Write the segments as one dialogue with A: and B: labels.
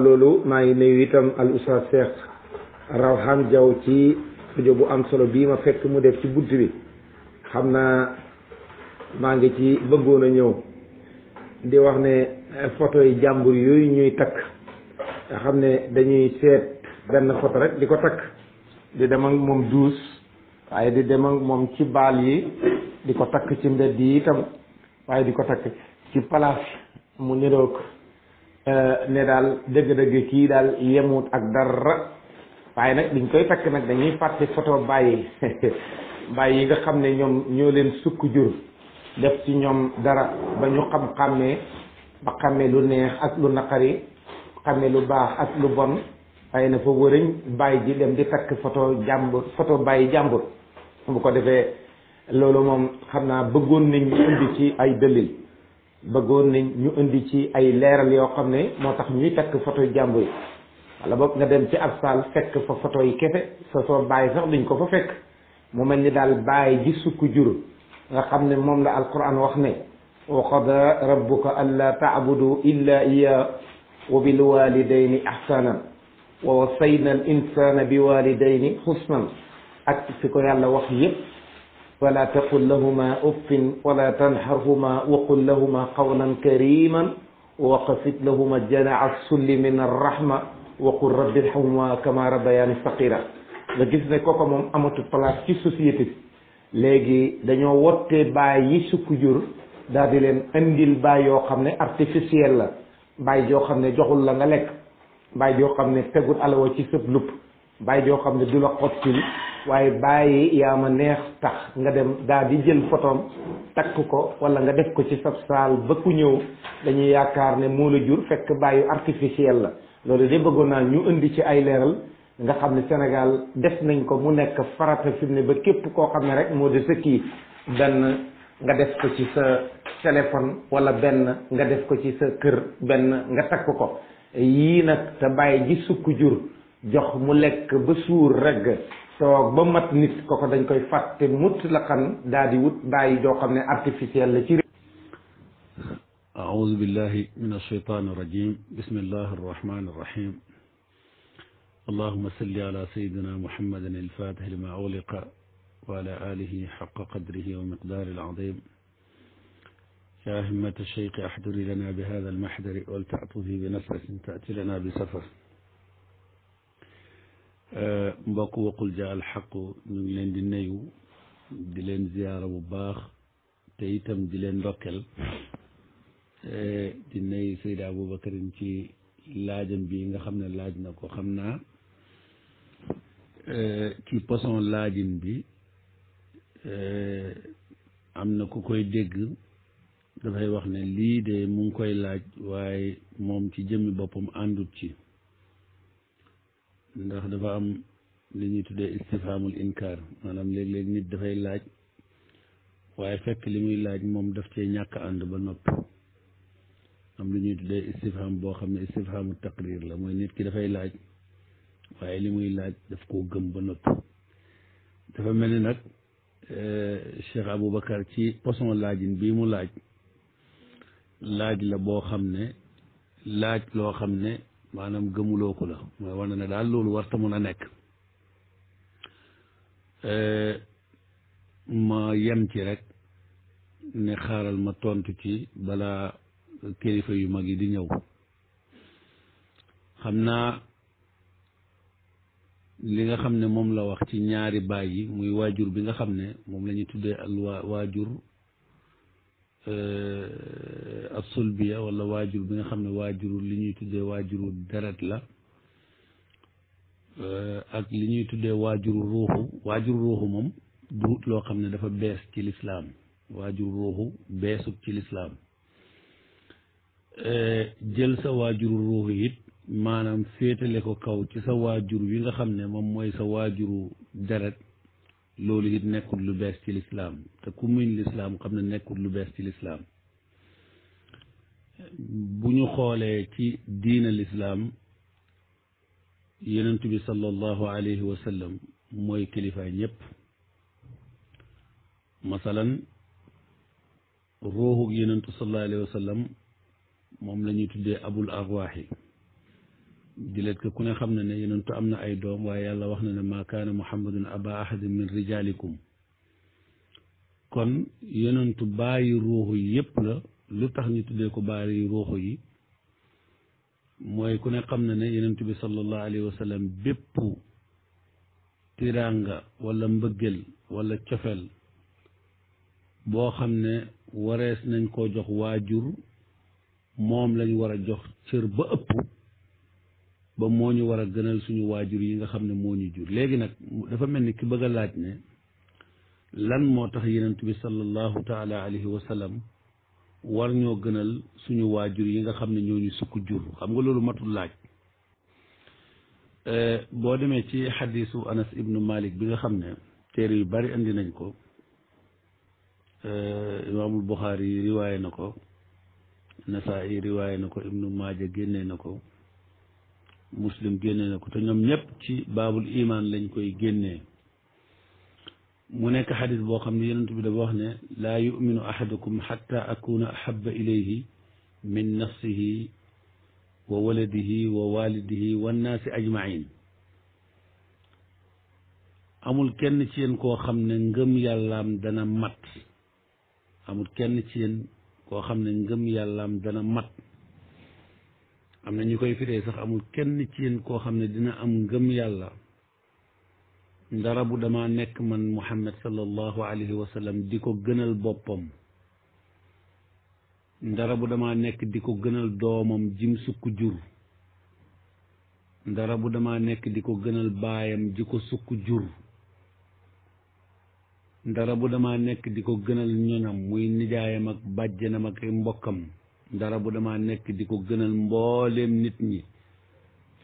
A: loolu maa ngi nuyu itam al oustaz Cheikh Rawhan Diaw ci studio bu am solo bii ma fekk mu def ci bunt bi xam naa maa ngi ci bëggoon a ñëw di wax ne eh, photo yi jàmbur yooyu ñuy takk nga xam ne dañuy seet benn foto rek di ko takk di dem ak moom duus waaye di dem moom ci baal yi di ko takk ci mbedd yi itam waaye di ko takk ci palaas mu niroog Eh, ne daal dëgg-dëgg kii daal yemut ak dara waaye nag liñ koy takk nag dañuy fàtte photo bàyyi bàyyi yi nga xam ne ñoom ñoo leen sukk jur def ci ñoom dara ba ñu xam-xàmmee ba xàmmee lu neex ak lu naqari xàmmee lu baax ak lu bon waaye na fa wëriñ bàyyi ji dem di takk photo jàmbur foto bàyyi jàmbur bu ko defee loolu moom xam naa bëggoon nañ indi ci ay dëlil bëggoon nañ ñu indi ci ay leeral yoo xam ne moo tax ñuy takk foto jàmbur yi wala boog nga dem ci ab saal fekk fa foto yi kese sa soo bàyyi sax duñ ko fa fekk mu mel ni daal bàyyi ji sukk jur nga xam ne moom la alquran wax ne wa qada rabbuka alla taabudu illa iya wa bil walidayni ahsanan wa wasayna al bi walidayni husnan ak fi ko yàlla wax yépp فلا تقل لهما أف ولا تنحرهما وقل لهما قولا كريما وقصد لهما جناح السل من الرحمة وقل رب ارحمهما كما ربياني صغيرا nga gis ne kooku moom amatul place ci société léegi dañoo wottee baay yi sukk jur daal di leen indil baay yoo xam ne artificiel la baay joo xam ne joxul la nga lekk baay yoo xam ne tegul aloo ci sëb lupp baay joo xam ne du la xottil waaye bàyyi yaa ma neex tax nga dem daa di jël photom takk ko wala nga def ko ci sab saal ba ku ñëw dañuy yaakaar ne moo la jur fekk bàyyi artificiel la loolu de bëggoon naa ñu indi ci ay leeral nga xam ne Sénégal def nañ ko mu nekk farata fi mu ne ba képp koo xam ne rek moo di sëkki benn nga def ko ci sa téléphone wala benn nga def ko ci sa kër benn nga takk ko yii nag te bàyyi ji sukk jur jox mu lekk ba suur regg toog ba mat nit koko dañ koy fàtte mut la xan daal di wut bàyyi joo xam ne artificiel la ci réew
B: أعوذ بالله من الشيطان الرجيم بسم الله الرحمن الرحيم اللهم صل على سيدنا محمد الفاتح لما أغلق وعلى آله حق قدره ومقدار العظيم يا همة الشيخ أحضر لنا بهذا المحضر ولتعطفي بنفس تأتي لنا بسفر Euh, mbokk waqul ja alxaqu ñu ngi leen di nayu di leen ziyaara bu baax te itam di leen ndokkeel euh, di nuyu Seydi Aboubacarin ci laajam bi nga xam ne laaj na ko xam naa euh, ci poson laajin bi am na ku koy dégg dafay wax ne lii de mu ngi koy laaj waaye moom ci jëmmi boppam àndut ci ndax dafa am li ñuy tuddee istifhamul inkaar maanaam léeg-léeg nit dafay laaj waaye fekk li muy laaj moom daf cee ñàkk ànd ba nopp am lu ñuy tuddee istifham boo xam ne istifhamu taqrir la mooy nit ki dafay laaj waaye li muy laaj daf koo gëm ba noppi dafa mel ni nag eh, Cheikh Aboubacar ci poson laajin bii mu laaj laaj la boo xam ne laaj loo xam ne maanaam gëmuloo ko la mooy wane ne daal loolu warta mën a nekk eh, ma yem ci rek ne xaaral ma tontu ci balaa kilifa yu mag yi di ñëw xam naa li nga xam ne moom la wax ci ñaari baay yi muy waajur bi nga xam ne moom la ñu tuddee ak waajur Euh, asulbiya wala waajur bi nga xam ne waajuru li ñuy tuddee waajuru deret la euh, ak li ñuy tuddee waajuru ruuxu waajuru ruuxu moom duut loo xam ne dafa bees ci lislaam waajuru ruuxu beesut ci lislaam euh, jël sa waajuru ruuxu it maanaam féetale ko kaw ci sa waajur wi nga xam ne moom mooy sa waajuru deret loolu it nekkul lu bees ci lislaam te ku muñ lislaam xam ne nekkul lu bees ci lislaam bu ñu xoolee ci diina lislaam yenentu bi sallallahu alayhi wa mooy kilifaay ñëpp masalan ruuxu yenentu sallallahu alayhi wa sallam moom la ñuy tuddee abul arwaaxi dileet ko ku ne xam na ne yonentu am na ay doom waaye yàlla wax na ne maa kaana muhammadun aba ahadin min rijalikum kon yonentu bàyyi ruuxu yi yépp la lu tax ñu tuddee ko bàyyi ruuxu yi mooy ku ne xam na ne yonentu bi sallallahu alayhi wa sallam bépp tiraanga wala mbëggeel walla cofeel boo xam ne warees nañ koo jox waajur moom lañ war a jox cër ba ëpp ba moo ñu war a gënal suñu waajur yi nga xam ne moo ñu jur léegi nag dafa mel ni ki bëgg laaj ne lan moo tax yenent bi sallallahu taala alayhi wa sallam war ñoo gënal suñu waajur yi nga xam ne ñoo ñu sukk jur xam nga loolu matul laaj euh, boo demee ci xadisu anas ibnu malik bi nga xam ne téere yu bari indi nañ ko euh, imaamul buxaari riwaaye na ko nasaa yi riwaaye na ko ibnu maaja génnee na ko muslim génne na ko te ñoom ñëpp ci baabul iman lañ koy génnee mu nekk xadis boo xam ne yonent bi dafa wax ne laa yuminu ahadukum xatta akuna ahaba ilayhi min nafsihi wa waladihi wa walidihi wannaasi ajmain amul kenn ci yéen koo xam ne ngëm yàllaam dana kenn ci yéen koo xam ne ngëm yàllaam dana mat am na ñu koy firee sax amul kenn ci yéen koo xam ne dina am ngëm yàlla ndara bu dama nekk man muhammad sallallahu alayhi wa sallam di ko gënal boppam ndara bu dama nekk di ko gënal doomam jim sukk jur ndara bu dama nekk di ko gënal baayam ji ko sukk jur ndara bu dama nekk di ko gënal ñoñam muy nijaayam ak bàjjanam ak mbokkam dara bu dama nekk di ko gëna mbooleem nit ñi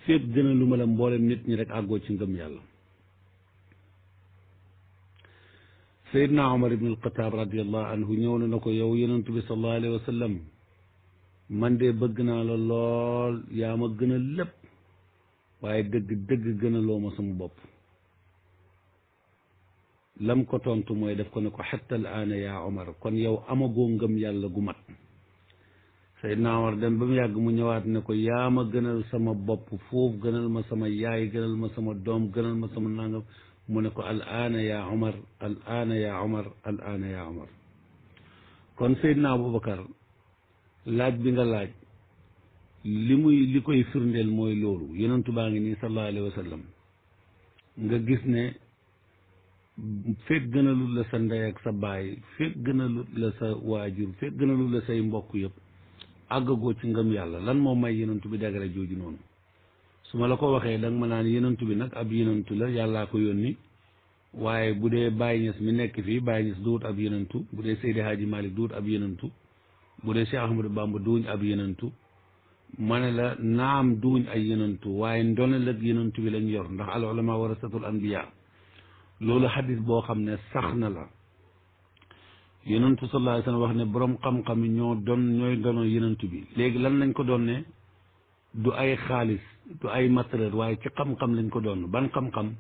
B: fépp lu ma la mbooleem nit ñi rek àggoo ci ngëm yàlla sayidna omar ibn alxataab radiallahu anhu ñëw na na ko yow yonentu bi salallahu alayhi wa man de bëgg naa la lool yaa ma gënal waaye dëgg dëgg gënaloo ma sama bopp lam ko tontu mooy def ko ne ko xatta al aana yaa omar kon yow amagoo ngëm yàlla gu mat Seydina Omar dem ba mu yàgg mu ñëwaat ne ko yaa ma gënal sama bopp foofu gënal ma sama yaay gënal ma sama doom gënal ma sama nangam mu ne ko al aana yaa Omar al yaa Omar al yaa Omar kon Seydina Aboubacar laaj bi nga laaj li muy li koy firndeel mooy loolu yonentu baa ngi nii sallallahu alayhi wa sallam nga gis ne fekk gënalul la sa ndey ak sa baay fekk gënalul la sa waajur fekk gënalul la say mbokk yëpp àggagoo ci ngëm yàlla lan moo may yenentu bi dagara jooju noonu su ma la ko waxee da ma naan yenentu bi nag ab yenentu la yàllaa ko yónni waaye bu dee Baye Niass mi nekk fii Baye Niass duut ab yenentu bu dee Seydi Hadji Malick duut ab yenentu bu dee Cheikh Ahmadou Bamba duuñ ab yenentu ma ne la naam duuñ ay yenentu waaye ndone la yenentu bi lañ yor ndax al ulama warasatul anbiya loolu xadis boo xam ne sax na la yonentu sallallahu alayhi wa wax ne boroom xam-xam yi ñoo doon ñooy dono yonent bi léegi lan lañ ko doon ne du ay xaalis du ay matériel waaye ci xam-xam lañ ko doon ban xam-xam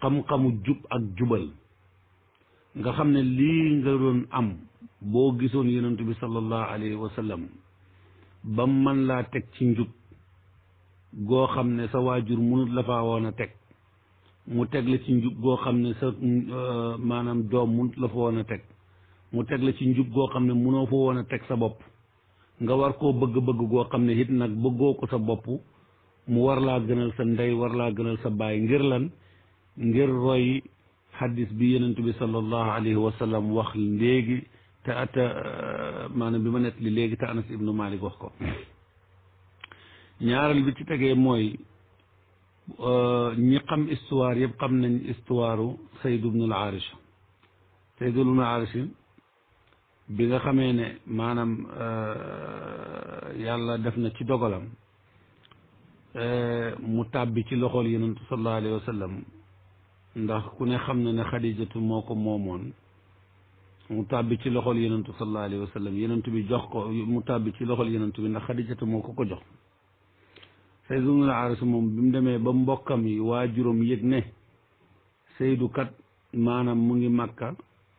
B: xam-xamu jub ak jubal nga xam ne lii nga doon am boo gisoon yenentu bi sallallahu alayhi wa sallam ba man laa teg ci njub goo xam ne sa waajur mënut la faa woon a teg mu teg la ci njub goo xam ne sa euh, maanaam doom mënut la fa woon a teg mu teg la ci njub goo xam ne munoo fa woon a teg sa bopp nga war koo bëgg-bëgg goo xam ne it nag bëggoo ko sa bopp mu war laa gënal sa ndey war laa gënal sa baay ngir lan ngir roy xaddis bi yonent bi sallallahu alayhi wa sallam wax léegi te at euh, maanaam bi ma nett li léegi te anas ibnu malik wax ko ñaareel bi ci tegee mooy euh, ñi xam histoire yëpp xam nañ histoire u sayd ibnu al aarish sayd ibnu al aarish bi nga xamee ne maanaam euh, yàlla def na ci dogalam euh, mu tàbbi ci loxool yonent sallallahu alayhi ndax ku ne xam na ne xadijatu moo ko moomoon mu tàbbi ci loxol yonent sallallahu alayhi wa sallam bi jox ko mu tàbbi ci loxol yonent bi ndax xadijatu moo ko ko jox Sayd ibnul Haaris moom bi mu demee ba mbokkam yi waajuram yëg ne Saydu kat maanaam mu ngi Makka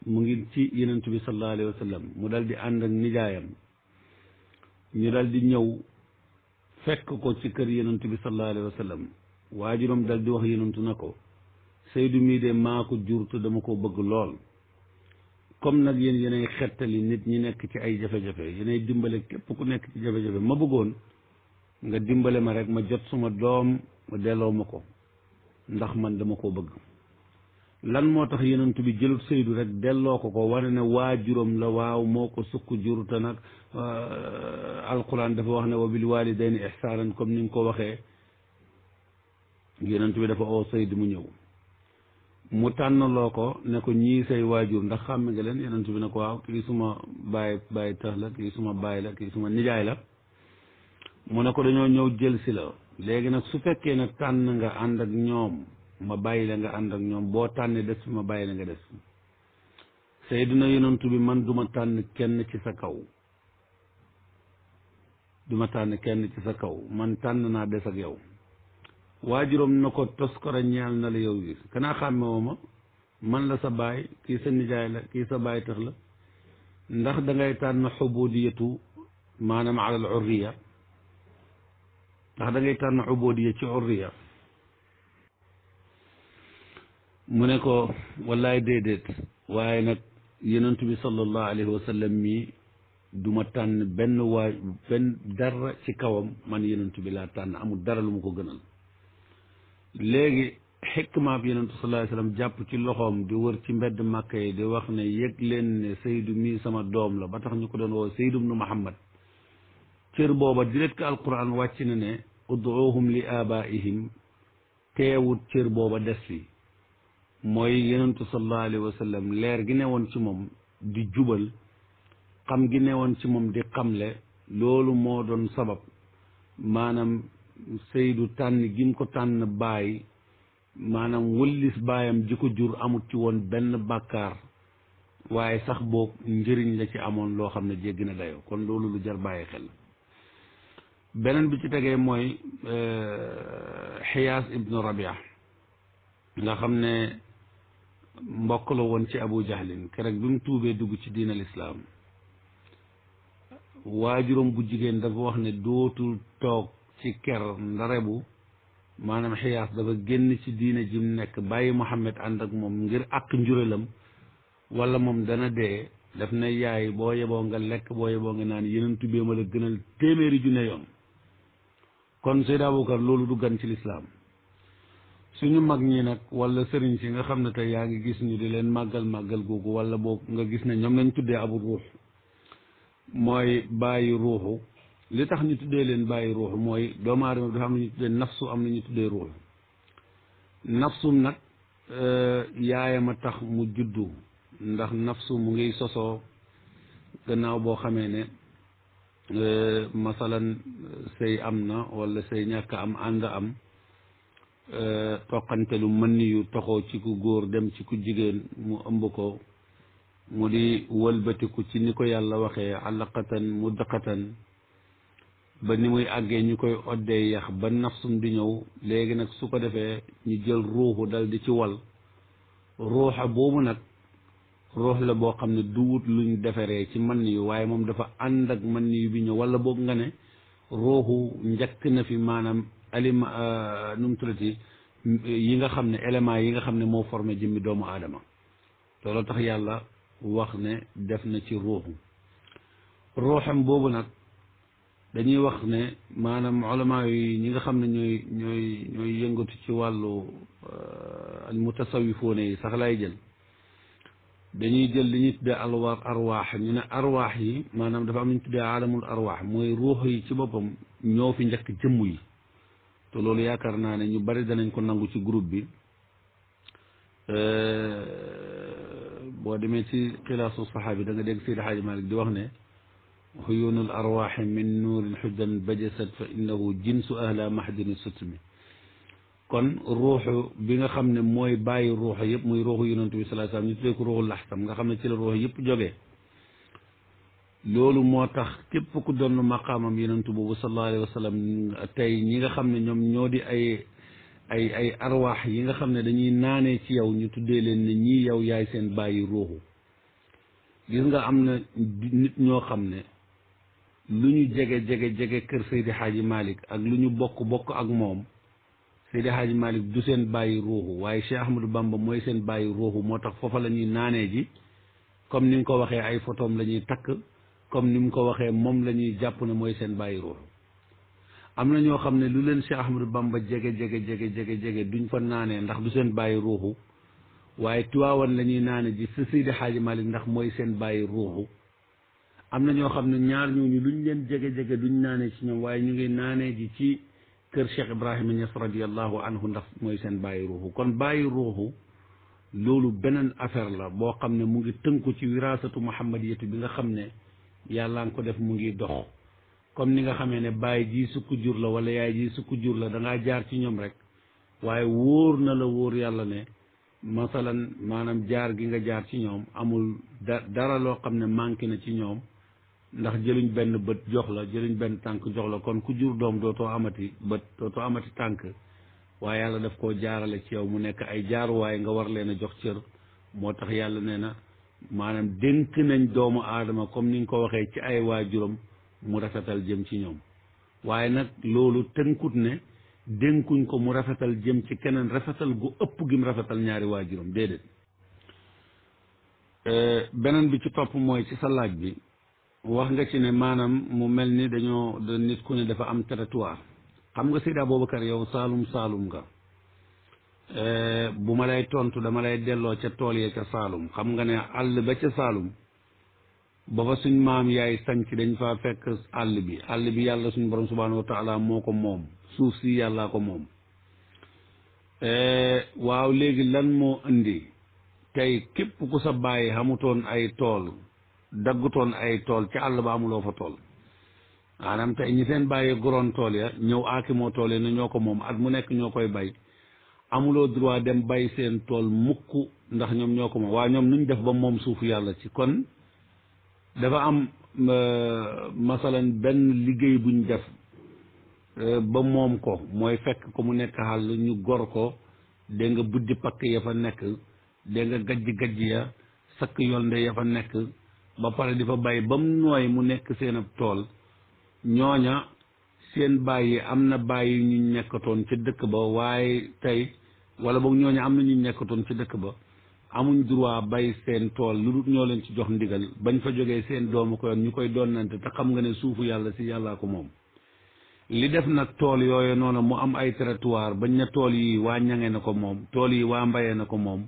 B: mu ngi ci yeneentu bi sallallahu alayhi wa sallam mu dal di ànd ak nijaayam ñu dal di ñëw fekk ko ci kër yenentu bi sallallahu alayhi wa sallam waajuram dal di wax yenentu na ko Seydou mii de maa ko jur te dama ko bëgg lool comme nag yéen yenay xettali nit ñi nekk ci ay jafe-jafe yenay dimbale képp ku nekk ci jafe-jafe ma bëggoon nga dimbale ma rek ma jot suma doom ma delloo ma ko ndax man dama ko bëgg lan moo tax yenent bi jëlut Seydou rek delloo ko ko wane ne waajuram la waaw moo ko sukk jur te nag euh, alquran dafa wax ne wa bil walidayni ihsanan comme ni nga ko waxee yenent bi dafa oo Seydou mu ñëw mu tànnaloo ko ne ko ñii say waajur ndax xàmme nga leen yenent bi ne ko waaw kii suma baay baay tax la kii suma baay la kii suma nijaay la mu ne ko dañoo ñëw jël si la léegi nag su fekkee ne tànn nga ànd ak ñoom ma bàyyi la nga ànd ak ñoom boo tànnee des fi ma bàyyi la nga des fi Seydina yonantu bi man duma tànn kenn ci sa kaw duma tànn kenn ci sa kaw man tànn naa des ak yow waajuram na ko toskora ñaal na la yow wiir kanaa xàmme ma man la sa baay kii sa nijaay la kii sa baay tax la ndax dangay tànn xubudiyatu maanaam alal urriya ndax dangay tànn xubudiya ci urriya mu ne ko wallaay déedéet waaye nag yonent bi sallallahu alayhi wa sallam mi du ma tànn benn waay benn dara ci kawam man yonent bi laa tànn amul dara lu mu ko gënal léegi xikma bi yonent sallallahu alayhi wa sallam jàpp ci loxoom di wër ci mbedd màkk yi di wax ne yëg leen ne Seydou mii sama doom la ba tax ñu ko doon woo Seydou ibnu Muhammad cër booba direct que alquran wàcc na ne ud'uuhum li abaihim teewut cër booba des fi mooy yenentu sallallahu alayhi wa sallam leer gi ne woon ci moom di jubal xam gi newoon ci moom di xamle loolu moo doon sabab maanaam Seydou tànn gi mu ko tànn bàyyi maanaam wëllis baayam ji ko jur amut ci woon benn bàkkaar waaye sax boog njëriñ la ci amoon loo xam ne jéggi na dayoo kon loolu lu jar bàyyi xel beneen bi ci tegee mooy euh, xiyaas ibnu rabia nga xam ne mbokk la woon ci abu jahlin keroog bi mu tuubee dugg ci diina lislaam islaam waajuram bu jigéen dafa wax ne dootul toog ci ker bu maanaam xiyaas dafa génn ci diina ji mu nekk bàyyi Muhammad ànd ak moom ngir àq njurelam wala moom dana dee daf na yaay boo yeboo nga lekk boo yeboo nga naan yeneen tubee ma la gënal téeméeri junne yoon kon Seydou Aboubacar loolu du gan ci lislaam suñu mag ñi nag wala sëriñ si nga xam ne tey yaa ngi gis ñu di leen màggal màggal googu wala boo nga gis na ñoom lañu tuddee abu ruux mooy bàyyi ruuxu li tax ñu tuddee leen bàyyi ruuxu mooy doomu aadama dafa am lu ñu tuddee nafsu am na ñu tuddee ruuxu nafsum nag euh, yaayam a tax mu juddu ndax nafsu mu ngi sosoo gannaaw boo xamee ne euh, masalan euh, sëy am na walla sëy ñàkk am ànd am Euh, toqantelu mën yu toxo ci ku góor dem ci ku jigéen mu ëmb ko mu di walbatiku ci ni ko yàlla waxee alaqatan mudqatan ba ni muy àggee ñu koy oddee yax ba nafsum di ñëw léegi nag su ko defee ñu jël ruuxu daldi ci wal ruuxa boobu nag ruux la boo xam ne duut lu ñu defaree ci mën yu waaye moom dafa ànd ak mën yu bi ñëw wala boog nga ne ruuxu njëkk na fi maanaam alima euh, nu mu tuddati yi nga xam ne éléments yi nga xam ne moo formé jëmmi doomu aadama loolu tax yàlla wax ne def na ci ruuxu ruuxam boobu nag dañuy wax ne maanaam ulama yi ñi nga xam ne ñooy ñooy ñooy yëngatu ci wàllu euh, al mutasawifoone yi sax laay jël dañuy jël li ñuy tuddee alwar arwaax ñu ne arwaax yi maanaam dafa am lu ñu tuddee aalamul arwaax mooy ruux yi ci boppam ñoo fi njëkk jëmm yi te loolu yaakaar naa ne ñu bari danañ ko nangu ci groupe bi euh, boo demee ci xilaasu saxaabi da nga dégg Seydi Xaaji Malik di wax ne xuyuunul arwaaxi min nuurin xuddan bajasat fa innahu jinsu ahla mahdini sutmi kon ruuxu bi nga xam ne mooy bàyyi ruuxu yëpp muy ruuxu yonent bi sallallahu alayhi wasallam ñu tuddee ko ruuxu laxsam nga xam ne ci la ruux yëpp jógee loolu moo tax képp ku doon maqaamam yenentu boobu sallallahu alayhi tey ñi nga xam ne ñoom ñoo di ay ay ay arwaax yi nga xam ne dañuy naanee ci yow ñu tuddee leen ne ñii yow yaay seen bàyyi ruuxu gis nga am na nit ñoo xam ne lu ñu jege jege jege kër Seydi xaaji Malick ak lu ñu bokk bokk ak moom Seydi Hadji Malick du seen bàyyi ruuxu waaye Cheikh Ahmadou Bamba mooy seen bàyyi ruuxu moo tax foofa la ñuy naanee ji comme ni nga ko waxee ay photom la ñuy takk comme ni mu ko waxee moom la ñuy jàpp ne mooy seen bàyyi ruux am na ñoo xam ne lu leen Cheikh Ahmadou Bamba jege jege jege jege jege duñ fa naanee ndax du seen bàyyi ruuxu waaye tuwaawan la ñuy naane ji si ndax mooy seen bàyyi ruuxu am na ñoo xam ne ñaar ñooñu luñ leen jege jege duñ naanee ci ñoom waaye ñu ngi naanee ji ci kër Cheikh Ibrahima Niass radiyallahu anhu ndax mooy seen bàyyi ruuxu kon bàyyi ruuxu loolu beneen affaire la boo xam ne mu ngi tënku ci wiraasatu muhammadiyatu bi nga xam ne. yàlla nga ko def mu ngi dox comme ni nga xamee ne baay ji sukk jur la wala yaay jii sukk jur la danga jaar ci ñoom rek waaye wóor na la wóor yàlla ne masalan maanaam jaar gi nga jaar ci ñoom amul dara loo xam ne manqué na ci ñoom ndax jëluñ benn bët jox la jëluñ benn tànk jox la kon ku jur doom dootoo amati bët dootoo amati tànk waaye yàlla daf koo jaarale ci yow mu nekk ay jaaruwaay nga war leen a jox cër moo tax yàlla nee na maanaam dénk nañ doomu aadama comme ni nga ko waxee ci ay waajuram mu rafetal jëm ci ñoom waaye nag loolu tënkut ne dénkuñ ko mu rafetal jëm ci keneen rafetal gu ëpp gim rafetal ñaari waajuram déedéet euh, beneen bi ci topp mooy ci sa laaj bi wax nga ci ne maanaam mu mel ni dañoo nit ku ne dafa am territoire xam nga Seydi Aboubacar yow saalum saalum nga Eh, bu ma lay tontu dama lay delloo ca tool ya ca Saalum xam nga ne àll ba ca Saalum ba fa suñ maam yaay sanc dañ faa fekk àll bi àll bi yàlla suñ borom subhaanahu wa moo ko moom suuf si yàllaa ko moom eh, waaw léegi lan moo indi tey képp ku sa bàyyi xamutoon ay tool daggutoon ay tool ca àll ba amuloo fa tool maanaam tey ñi seen bàyyi goroon tool ya ñëw aaki moo tool ya ne ñoo ko moom at mu nekk ñoo koy bay amuloo droit dem bàyyi seen tool mukk ndax ñoom ñoo ko moom waaye ñoom ñu def ba moom suufu yàlla ci kon dafa am euh, masalan benn liggéey buñ def euh, ba moom ko mooy fekk ko mu nekk xàll ñu gor ko dégg nga buddi pakk ya fa nekk dégg nga gajj gajj ya sakk yolnde ya fa nekk ba pare di fa bàyyi ba mu nooy mu nekk seen ab tool ñooña seen bàyyi am na bàyyi ñu nekkatoon ca dëkk ba waaye tey wala boog ñooñu am na ñu nekkatoon ci dëkk ba amuñ droit bay seen tool lu dul ñoo leen ci jox ndigal bañ fa jógee seen doomu ko yoon ñu koy donnante te xam nga ne suufu yàlla si yàllaa ko moom li def nag tool yooyu noonu mu am ay territoire bañ na tool yi waa ñange na ko moom tool yi waa mbayee na ko moom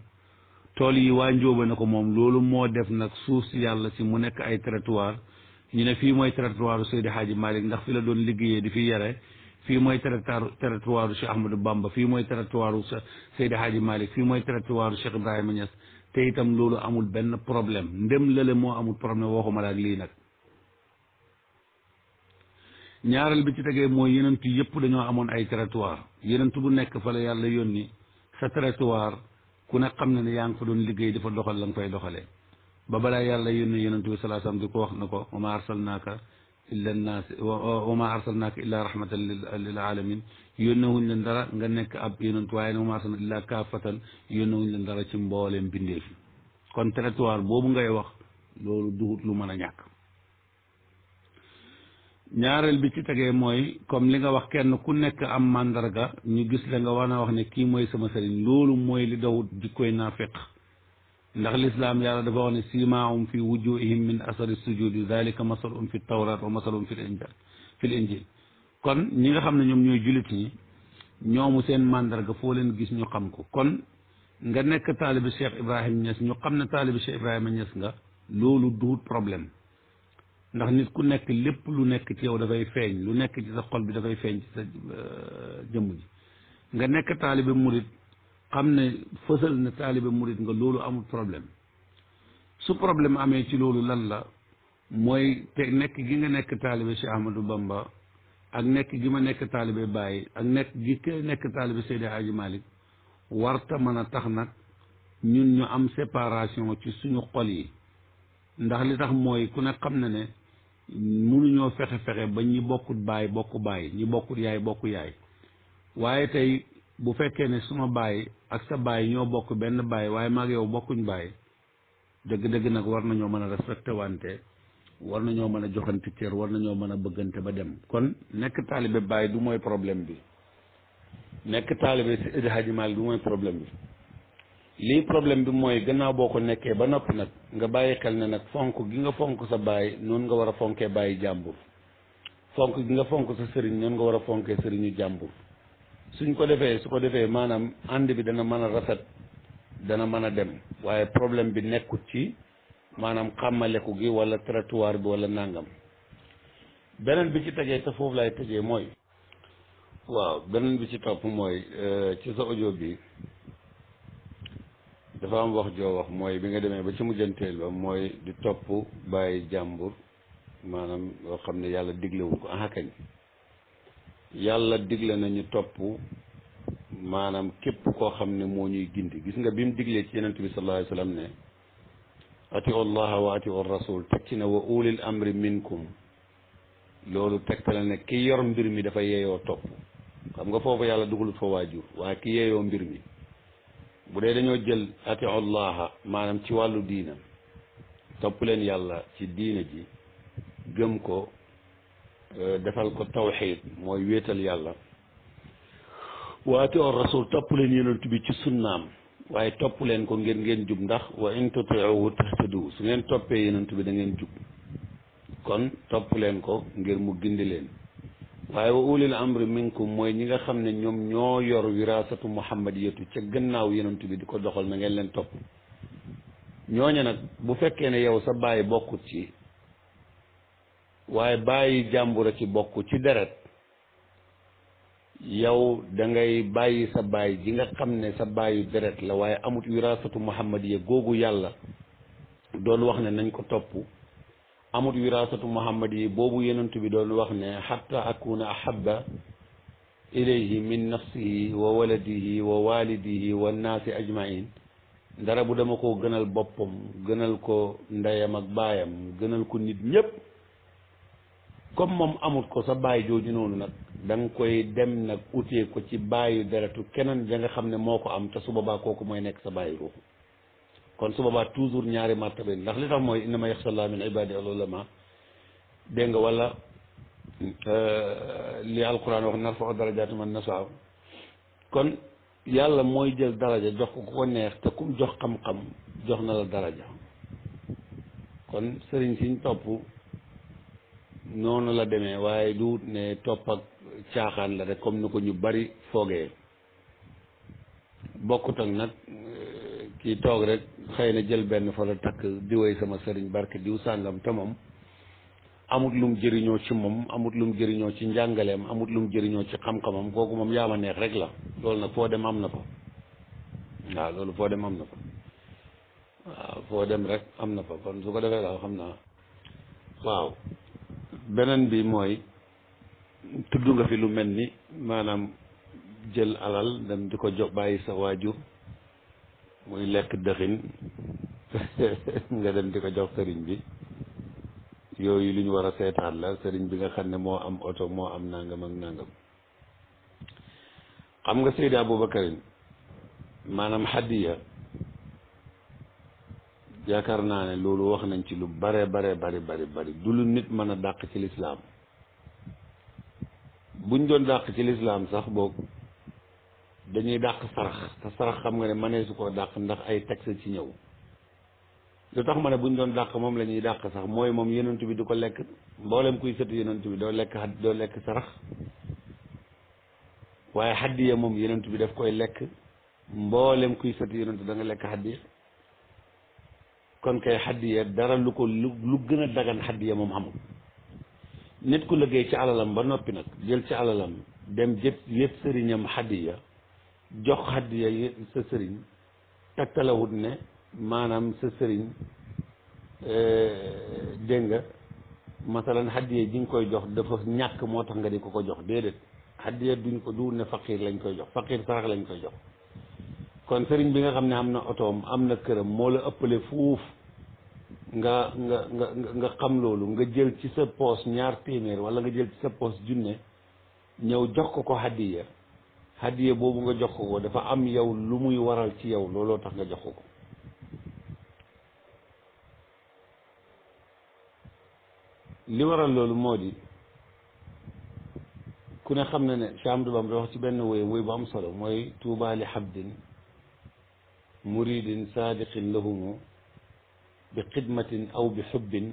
B: tool yi waa njóoba na ko moom loolu moo def nag suuf si yàlla si mu nekk ay territoire ñu ne fii mooy territoire Seydi Hadji Malick ndax fi la doon liggéeyee di fi yare fii mooy territoire territoire u Cheikh Ahmadou Bamba fii mooy territoire sa Seydi Hadji Malick fii mooy territoire u Cheikh Ibrahima Niass te itam loolu amul benn problème ndem lële moo amul problème waxuma la ak lii nag ñaareel bi ci tegee mooy yenentu yëpp dañoo amoon ay territoire yenentu bu nekk fa la yàlla yónni sa territoire ku ne xam na ne yaa ngi fa doon liggéey dafa doxal la nga fay doxalee ba balaa yàlla yónni yenentu bi salaa salaam di ko wax na ko illa nnaas wa ma arsalnaaka illa rahmatan lil alamin yónne wuñ leen dara nga nekk ab yonent waaye wa ma arsalna illa kaafatan leen dara ci mbooleem bindeef kon territoire boobu ngay wax loolu dugut lu mën a ñàkk ñaareel bi ci tegee mooy comme li nga wax kenn ku nekk am màndarga ñu gis la nga war a wax ne kii mooy sama sëriñ loolu mooy li dawut di koy naafeq ndax lislaam yàlla dafa wax ne siimaahum fi wujuhihim min asari sujudi dalika masalum fi tawrat wa masalum fi injil fi injil kon ñi nga xam ne ñoom ñooy jullit ñi ñoomu seen màndarga foo leen gis ñu xam ko kon nga nekk taalibi Cheikh Ibrahima Niass ñu xam ne taalibi Cheikh Ibrahima Niass nga loolu duut problème ndax nit ku nekk lépp lu nekk ci yow dafay feeñ lu nekk ci sa xol bi dafay feeñ ci sa euh, jëmm ji nga nekk taalibi murit xam ne fësal ne mu murit nga loolu amul problème su problème amee ci loolu lan la mooy te nekk gi nga nekk taalibe si Ahmadou Bamba ak nekk gi ma nekk taalibe Baye ak nekk gi ka nekk taalibe Seydi Hadji Malick warta mën a tax nag ñun ñu am séparation ci suñu xol yi ndax li tax mooy ku ne xam na ne mënuñoo fexe fexe ba ñi bokkut baay bokk baay ñi bokkut yaay bokk yaay waaye tey bu fekkee ne suma baay ak sa baay ñoo bokk benn baay waaye maag yow bokkuñ baay dëgg-dëgg nag war nañoo mën a respecté wante war na ñoo mën a joxante cër war nañoo mën a bëggante ba dem kon nekk taalibe bàyyi du mooy problème bi nekk taalibe si Seydi Hadji Malick du mooy problème bi lii problème bi mooy gannaaw boo ko nekkee ba noppi nag nga bàyyi xel ne nag fonk gi nga fonk sa baay noonu nga war a fonkee bàyyi jàmbur fonk gi nga fonk sa sëriñ noonu nga war a fonkee sëriñu jàmbur suñ ko defee su ko defee maanaam ànd bi dana mën a rafet dana mën a dem waaye problème bi nekkut ci maanaam xàmmaleku gi wala trottoir bi walla nàngam beneen bi ci tegee te foofu lay tëjee mooy waaw beneen bi ci topp mooy euh, ci sa audio bi dafa am wax joo wax mooy bi nga demee ba ci mujjanteel ba mooy di topp bàyyi jàmbur maanaam loo xam ne yàlla diglewu ko aha kañ yàlla digle nañu topp maanaam képp koo xam ne moo ñuy gindi gis nga bi mu diglee ci yonent bi sallallahu alayhi wasallam ne atiu allaha wa atiu rasul teg ci ne wa ulil amri minkum loolu tegtale ne ki yor mbir mi dafa yeeyoo topp xam nga foofu yàlla dugalut fa waajur waaye ki yeeyoo mbir mi bu dee dañoo jël atiu allaha maanaam ci wàllu diina topp leen yàlla ci diina ji gëm ko Euh, defal ko tawxiid mooy wéetal yàlla waate or rasul topp leen yonent bi ci sunnaam waaye topp leen ko ngeen ngeen jub ndax wa in tutiuhu su ngeen toppee yonent bi da ngeen jub kon topp leen ko ngir mu gindi leen waaye wa ulil amri minkum mooy ñi nga xam ne ñoom ñoo yor wirasatu muhammadiyatu ca gannaaw yonent bi di ko doxal na ngeen leen topp ñooña nag bu fekkee ne yow sa bàyyi bokkut yi waaye bàyyi jàmbur a ci bokk ci deret yow dangay bàyyi sa baay ji nga xam ne sa baayu deret la waaye amut wirasatu muhammadiya googu yàlla doon wax ne nañ ko topp amut wirasatu muhammadiya boobu yonent bi doon wax ne xatta akuna ahabba ilayhi min nafsihi wa waladihi wa walidihi wa naasi ajmain dara bu dama ko gënal boppam gënal ko ndeyam ak baayam gënal ko nit ñépp comme moom amut ko sa baay jooju noonu nag da koy dem nag utee ko ci bàyyi deretu keneen da nga xam ne moo ko am te su boobaa kooku mooy nekk sa bàyyi ruuxu kon su boobaa toujours ñaari martaba ndax li tax mooy innama yaxsallaa min ibaadi al ulama dégg nga wala euh, li alquran wax na narfau darajaati man nasaa kon yàlla mooy jël daraja jox ko ko neex te kum jox xam-xam jox na la daraja kon sëriñ siñ topp noonu la demee waaye du ne topp ak caaxaan la rek comme nu ko ñu bari foogee bokkut ak nag eh, kii toog rek xëy na jël benn fa la takk di woy sama sëriñ barke diw sàngam te moom amut lum jëriñoo ci moom amut lum jëriñoo ci njàngaleem amut lum jëriñoo ci xam-xamam kooku moom yaa ma neex rek la loolu nag foo dem am na ko waaw loolu foo dem am na ko waaw foo dem rek am na ko kon su ko defee daal xam naa waaw beneen bi mooy tudd nga fi lu mel ni maanaam jël alal dem di ko jox bàyyi sa waajur muy lekk dëxin nga dem di ko jox sëriñ bi yooyu lu ñu war a seetaan la sëriñ bi nga xam ne moo am oto moo am nangam ak nangam xam nga Seydi Aboubacarin maanaam hadiya yaakaar naa ne loolu wax nañ ci lu bare bare bari bari bari du lu nit mën a dàq ci lislaam buñ doon dàq ci lislaam sax boog dañuy dàq sarax te sarax xam nga ne mënee su koo dàq ndax ay taxe ci ñëw lu tax ma ne bu ñu doon dàq moom la ñuy dàq sax mooy moom yonent bi du ko lekk mboolem kuy sëtu yonent bi doo lekk doo lekk sarax waaye xaddiya moom yonent bi daf koy lekk mboolem kuy sëtu yonent da nga lekk xaddiya kon kay xaddiya dara lu ko lu lu gën a dagan xaddiya moom xamul nit ku liggéey ci alalam ba noppi nag jël ci alalam dem jëpp yëpp sëriñam xaddiya jox xaddiya sa sëriñ takkalawut ne maanaam sa sëriñ e, dégg nga masalan xaddiya ji nga koy jox dafa ñàkk moo tax nga di ko ko jox déedéet xaddiya duñ ko duwul ne faqiir lañ koy jox faqiir sarax lañ koy jox kon sëriñ bi nga xam ne am na otoom am na këram moo la ëppale fuuf nga nga nga nga xam loolu nga jël ci sa poos ñaar téeméer wala nga jël ci sa poos junne ñëw jox ko ko hadiya hadiya boobu nga jox ko ko dafa am yow lu muy waral ci yow looloo tax nga jox ko ko li waral loolu moo di ku ne xam na ne am Cheikh Ahmadou Bamba wax ci benn woy woy bu am solo mooy tuubaali xabdin muridin saadiqin lahumu bi xidmatin aw bi xubbin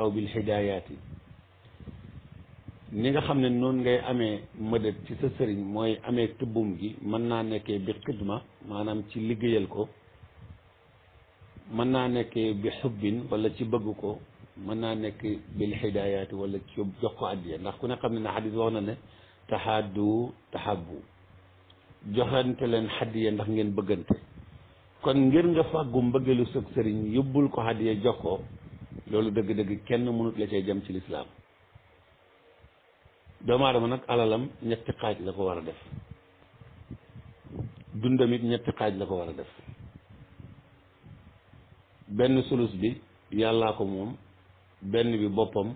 B: aw bil hidayaati ni nga xam ne noonu ngay amee mëdët ci sa sëriñ mooy amee tëbbum gi mën naa nekkee bi xidma maanaam ci liggéeyal ko mën naa nekkee bi xubbin wala ci bëgg ko mën naa nekk bil hidayaati wala ci jox ko addiya ndax ku ne xam ne ne xadis wax na ne tahaadu tahabbu joxante leen xaddiya ndax ngeen bëggante kon ngir nga fàggu mbëggeelu sëg sëriñ yóbbul ko hadiya jox ko loolu dëgg-dëgg kenn mënut la cee jëm ci lislaam doomu aadama nag alalam ñetti xaaj la ko war a def dundam it ñetti xaaj la ko war a def benn sulus bi yàllaa ko moom benn bi boppam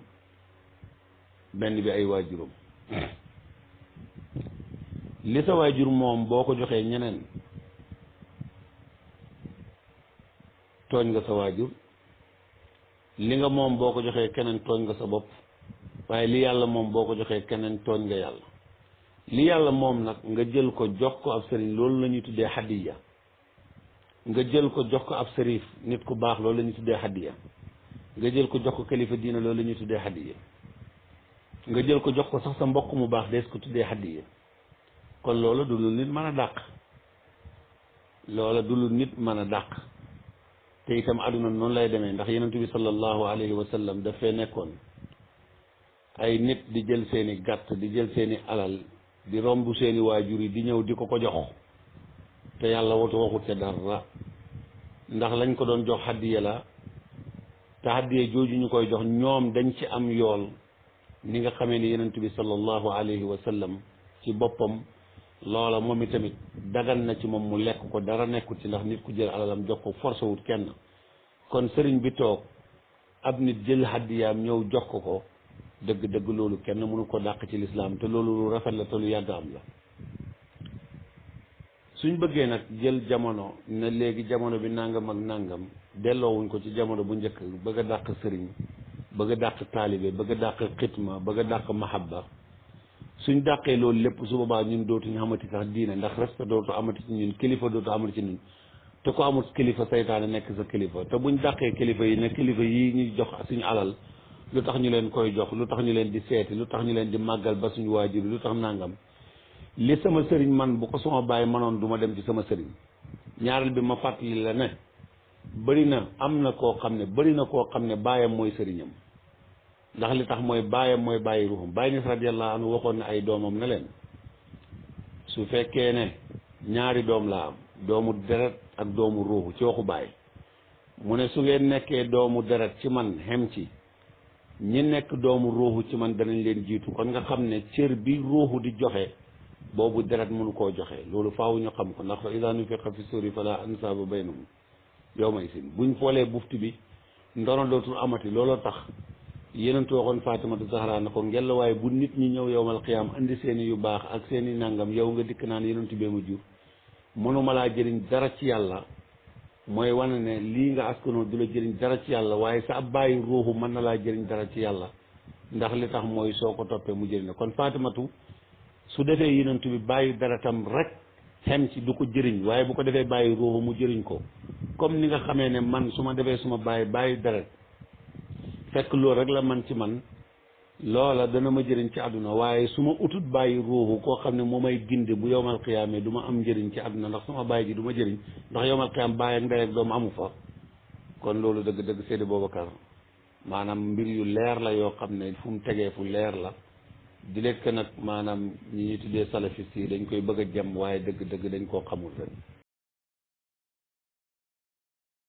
B: benn bi ay waajuram li sa waajur moom boo ko joxee ñeneen tooñ nga sa waajur li nga moom boo ko joxee keneen tooñ nga sa bopp waaye li yàlla moom boo ko joxee keneen tooñ nga yàlla li yàlla moom nag nga jël ko jox ko ab sëriñ loolu la ñuy tuddee hadiya nga jël ko jox ko ab sërif nit ku baax loolu la ñuy tuddee hadiya nga jël ko jox ko kilifa diina loolu la ñuy tuddee hadiya nga jël ko jox ko sax sa mbokk mu baax dees ko tuddee hadiya kon loola du lu nit mën a dàq loola du lu nit mën a dàq te itam àdduna noonu lay demee ndax yonent bi sallallahu alayhi wa sallam daf nekkoon ay nit di jël seeni gàtt di jël seeni alal di romb seeni waajur yi di ñëw di ko ko jox te yàlla watu waxut ca dara ndax lañ ko doon jox hadiya la te hadiya jooju ñu koy jox ñoom dañ ci am yool ni nga xamee ni yonent bi sallallahu alayhi wa sallam ci boppam loola moom itamit dagan na ci moom mu lekk ko dara nekkul ci ndax nit ku jël alalam jox ko forcé wut kenn kon sëriñ bi toog ab nit jël hadiyaam ñëw jox ko ko dëgg-dëgg loolu kenn mënu ko dàq ci lislaam te loolu lu rafet la te lu yàgg am la suñ bëggee nag jël jamono na léegi jamono bi nangam ak nangam delloowuñ ko ci jamono bu njëkk bëgg a dàq sëriñ bëgg a dàq taalibe bëgg a dàq xitma bëgg a dàq mahabba suñ dàqee loolu lépp su boobaa ñun dootuñu amati sax diine ndax respect dootu amati ci ñun kilifa dootu amati ci ñun te ko amul kilifa seytaane nekk sa kilifa te buñ dàqee kilifa yi ne kilifa yi ñu jox suñu alal lu tax ñu leen koy jox lu tax ñu leen di seeti lu tax ñu leen di màggal ba suñu waajur lu tax nangam li sama sëriñ man bu ko sama bàyyi manoon du ma dem ci sama sëriñ ñaareel bi ma fàttali la ne bëri na am na koo xam ne bëri na koo xam ne bàyyam mooy sëriñam ndax li tax mooy baayam mooy bàyyi ruuxum bàyyi nis radiyallahu anhu waxoon na ay doomam ne leen su fekkee ne ñaari doom laa am doomu deret ak doomu ruuxu ci waxu baay mu ne su ngeen nekkee doomu deret ci man xem ci ñi nekk doomu ruuxu ci man danañ leen jiitu kon nga xam ne cër bi ruuxu di joxe boobu deret mënu koo joxe loolu faaw ñu xam ko ndax fa idaa nufixa fi suuri falaa ansaaba baynahum yow may sin buñ foolee buftu bi ndono dootul amati looloo tax yenentu waxoon Faatimatu Zahra na ko ngel bu nit ñi ñëw yowmal xiyaam indi seeni yu baax ak seeni nàngam yow nga dikk naan yenentu bee ma jur mënuma laa jëriñ dara ci yàlla mooy wane ne lii nga askanoo du la jëriñ dara ci yàlla waaye sa bàyyi ruuxu mën na laa jëriñ dara ci yàlla ndax li tax mooy soo ko toppee mu jëriñ la kon Faatimatu su defee yenentu bi bàyyi dara tam rek xem ci du ko jëriñ waaye bu ko defee bàyyi ruuxu mu jëriñ ko comme ni nga xamee ne man su ma defee suma bàyyi bàyyi dara fekk loolu rek la man ci man loola dana ma jëriñ ci àdduna waaye su ma utut bàyyi ruuxu koo xam ne moo may ginde bu yowmal qiyaamee du ma am njëriñ ci àdduna ndax sama bàyyi ji du ma jëriñ ndax yowmal qiyaam bàyyi ak ndey ak doomu amu fa kon loolu dëgg-dëgg Seydi Boubacar maanaam mbir yu leer la yoo xam ne fu mu tegee fu leer la di lekk nag maanaam ñi ñuy tuddee salafiste yi dañ koy bëgg a jëm waaye dëgg-dëgg dañ koo xamul rek